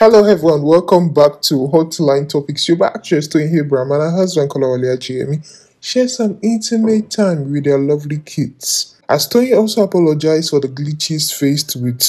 Hello everyone, welcome back to Hotline Topics. just actress Toyin Abraham and her husband Kolawole Jamie share some intimate time with their lovely kids. As Tony also apologized for the glitches faced with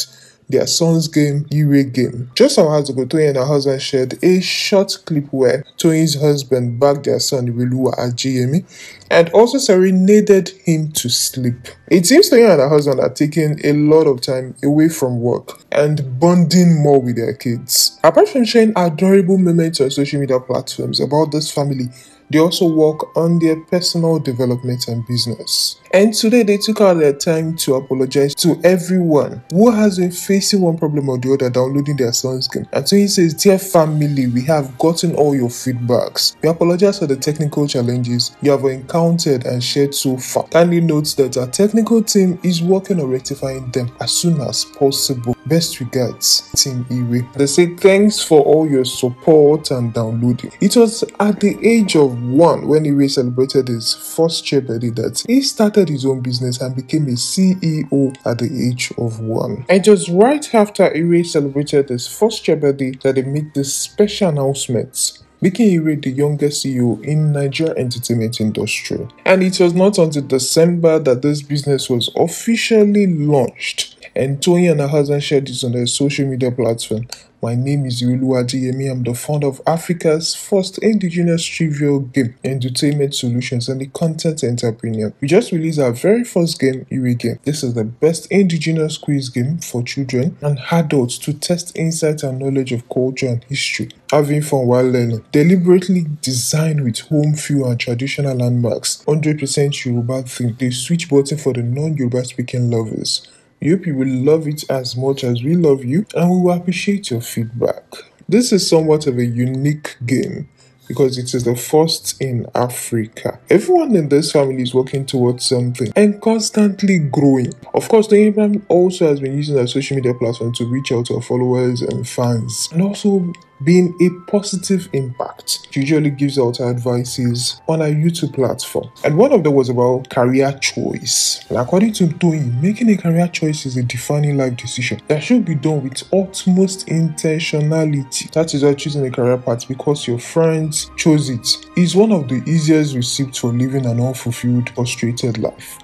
their son's game, Uwe game. Just some hours ago, Toyin and her husband shared a short clip where Toyin's husband bagged their son Wilua at GME and also serenaded him to sleep. It seems Toyin and her husband are taking a lot of time away from work and bonding more with their kids. Apart from sharing adorable moments on social media platforms about this family, they also work on their personal development and business. And today they took out their time to apologize to everyone who has been facing one problem or the other downloading their sunscreen. And so he says, Dear family, we have gotten all your feedbacks. We apologize for the technical challenges you have encountered and shared so far. Kindly note that our technical team is working on rectifying them as soon as possible. Best regards, Team Iwe. They say thanks for all your support and downloading. It was at the age of one, when Iwe celebrated his first chair birthday that he started his own business and became a CEO at the age of one. And just right after Iwe celebrated his first chair birthday that he made this special announcement making Iray the youngest CEO in Nigeria entertainment industry. And it was not until December that this business was officially launched and Toyin and her husband shared this on their social media platform. My name is Yolu Adeyemi. I'm the founder of Africa's first indigenous trivial game entertainment solutions and the content entrepreneur. We just released our very first game, Iwe Game. This is the best indigenous quiz game for children and adults to test insight and knowledge of culture and history, having fun while learning. Deliberately designed with home feel and traditional landmarks, 100% Yoruba theme. The switch button for the non-Yoruba speaking lovers. We hope you will love it as much as we love you and we will appreciate your feedback. This is somewhat of a unique game because it is the first in Africa. Everyone in this family is working towards something and constantly growing. Of course, the Abraham also has been using their social media platform to reach out to our followers and fans and also being a positive impact. She usually gives out her advices on her YouTube platform. And one of them was about career choice. And according to Toyin, making a career choice is a defining life decision that should be done with utmost intentionality. That is why choosing a career path because your friends chose it is one of the easiest receipts for living an unfulfilled, frustrated life.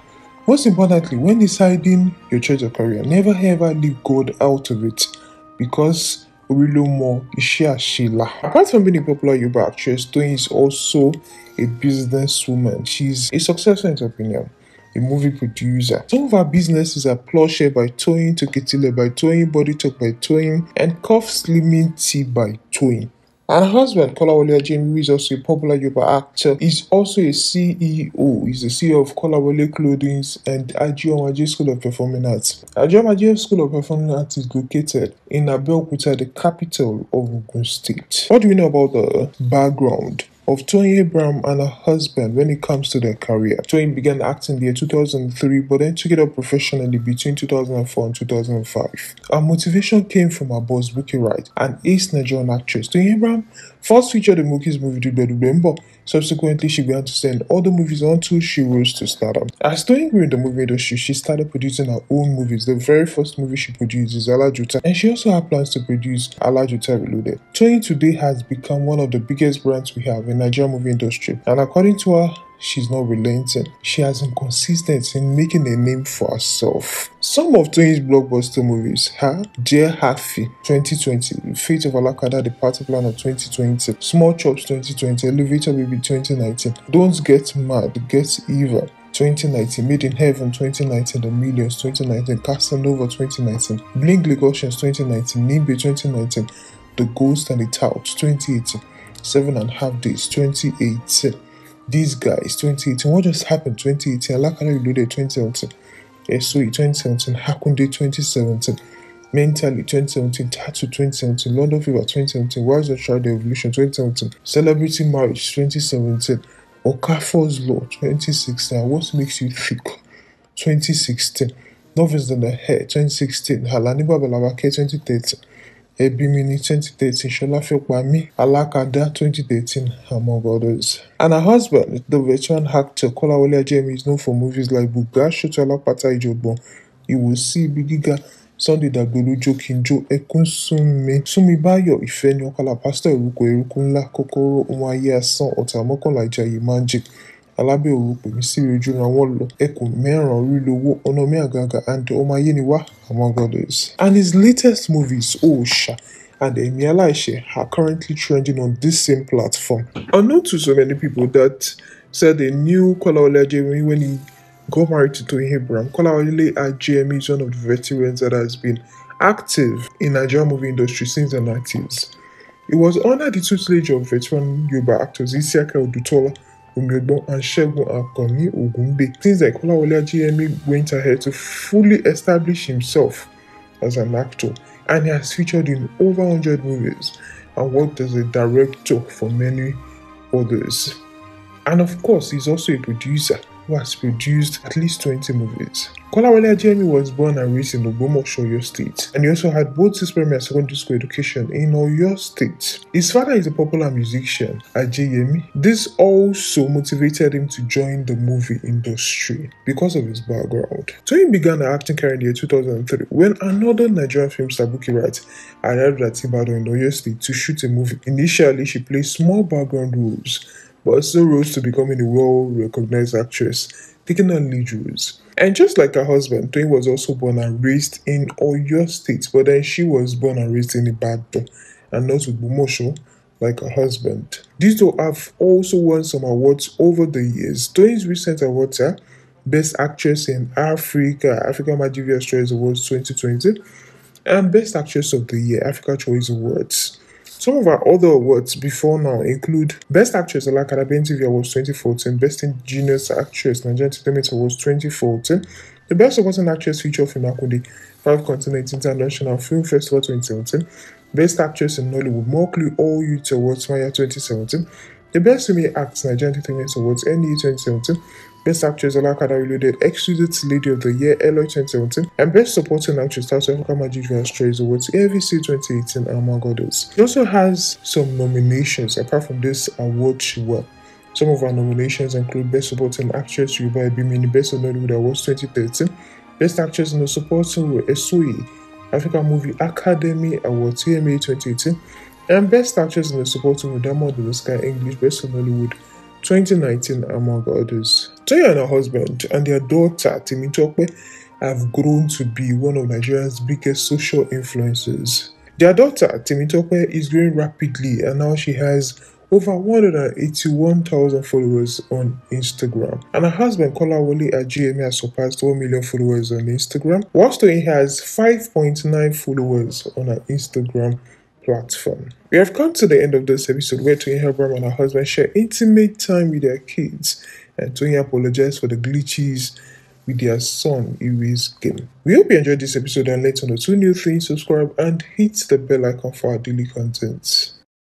Most importantly, when deciding your choice of career, never ever leave God out of it because Orilomo Ishiashila. Apart from being a popular Yoruba actress, Toyin is also a businesswoman. She's a successful entrepreneur, a movie producer. Some of her businesses are Plushie by Toyin, Toketile by Toyin, Body Talk by Toyin, and Cough Slimming Tea by Toyin. Her husband, Kolawole Ajemi, who is also a popular Yoruba actor, is also a CEO. He's the CEO of Kolawole Clothing and Ajiomaje School of Performing Arts. Ajiomaje School of Performing Arts is located in Abeokuta, the capital of Ogun State. What do we know about the background? of Tony Abraham and her husband when it comes to their career. Tony began acting in 2003 but then took it up professionally between 2004 and 2005. Her motivation came from her boss Wiki Wright, an East Nigerian actress. Tony Abraham first featured in Mookie's movie Dube but subsequently she began to star in other movies until she rose to stardom. As Tony grew in the movie industry, she started producing her own movies. The very first movie she produced is Juta, and she also had plans to produce Juta Reloaded. Toyin today has become one of the biggest brands we have in Nigerian movie industry, and according to her, she's not relenting. She has inconsistency in making a name for herself. Some of Tony's blockbuster movies are Dear Hafi 2020, Fate of Alakada, The Party Plan of 2020, Small Chops 2020, Elevator Baby 2019, Don't Get Mad, Get Evil 2019, Made in Heaven 2019, The Millions 2019, Castanova 2019, Bling Legosians 2019, Nimbe 2019, the Ghost and the Tout 2018, Seven and a Half Days 2018, These Guys 2018, What Just Happened 2018, Alakala Ilude 2017, SOE 2017, Hakunde 2017, Mentally 2017, Tattoo 2017, London Fever 2017, Rise of Child Evolution 2017, Celebrating Marriage 2017, Okafor's Law 2016, What Makes You think? 2016, Novels in the 2016, Halani Babalawake 2013, Ebimi in 2013, Shola Fekwami Alakada thirteen among others. And her husband, the veteran actor Kolawole Ajemi, is known for movies like Buga, Shooter Alapata si ibi Ibigiga, Sunday Dagbolu, Jokinjo, kinjo Sunmi, Sunmibayo, Ifeni Okala, Pastor Eruko, Eruku Nla, Kokoro, Umuaye Asan, Ọ̀tàmọ́kànlá Ajayi, Magic. alábẹ̀wò Mr. ojúran wọn lọ ẹkùn mẹ́ràn orílẹ̀-èwọ̀ ọ̀nà and ọmọ ayé ni wá among others. And his latest movies, Osha oh, and Emi Alaise, are currently trending on this same platform. Unknown to so many people that said they knew Kola Olajemi when he got married to Tony Abraham. Kola Olajemi is one of the veterans that has been active in Nigerian movie industry since the 90s. It was under the tutelage of veteran Yoruba actors Isiaka Odutola Omiogbo and Shegun Akanni Ogungbe. Things like Olawale GME went ahead to fully establish himself as an actor and he has featured in over 100 movies and worked as a director for many others. And of course, he's also a producer who has produced at least 20 movies. Kolawale Ajemi was born and raised in Ogbomoso, Oyo State, and he also had both his primary and secondary school education in Oyo State. His father is a popular musician, Ajayemi. This also motivated him to join the movie industry because of his background. So he began an acting career in the year 2003 when another Nigerian film star Buki arrived at Ibadan in Oyo State to shoot a movie. Initially, she played small background roles but also rose to becoming a well recognized actress, taking on lead roles. And just like her husband, Twain was also born and raised in Oyo State, but then she was born and raised in Ibadan and not Bumosho, like her husband. These two have also won some awards over the years. Twain's recent awards are Best Actress in Africa, Africa Magic Choice Awards 2020, and Best Actress of the Year, Africa Choice Awards. Some of our other awards before now include Best Actress Ola Kadabenti Awards 2014, Best Genius Actress Nigerian Entertainment Awards 2014, the Best Supporting Actress Feature Film the Five Continents International Film Festival 2017, Best Actress in Nollywood Mockley All Youth Awards Maya 2017, the Best Female Act Nigerian Entertainment Awards NE 2017, Best Actress Anna the Iluded, Exquisite Lady of the Year, Eloy 2017, and Best Supporting Actress South Africa Majivian Strays Awards, AVC 2018, among others. She also has some nominations apart from this award she won. Some of our nominations include Best Supporting Actress Yuba Ebimini, Best Honored Awards 2013, Best Actress in the Supporting Role, Esui, Africa Movie Academy Awards, TMA 2018, and Best Actress in the Supporting Role, Diamond Sky English, Best in Hollywood 2019 among others. Toya and her husband and their daughter Timi Tokwe have grown to be one of Nigeria's biggest social influencers. Their daughter Timi Tokwe is growing rapidly and now she has over 181,000 followers on Instagram. And her husband, Kola Wole GMA has surpassed 1 million followers on Instagram, whilst he has 5.9 followers on her Instagram platform. We have come to the end of this episode where Tony and her husband share intimate time with their kids, and Tony apologized for the glitches with their son Iwe's game. We hope you enjoyed this episode and let's know two new things. Subscribe and hit the bell icon for our daily content.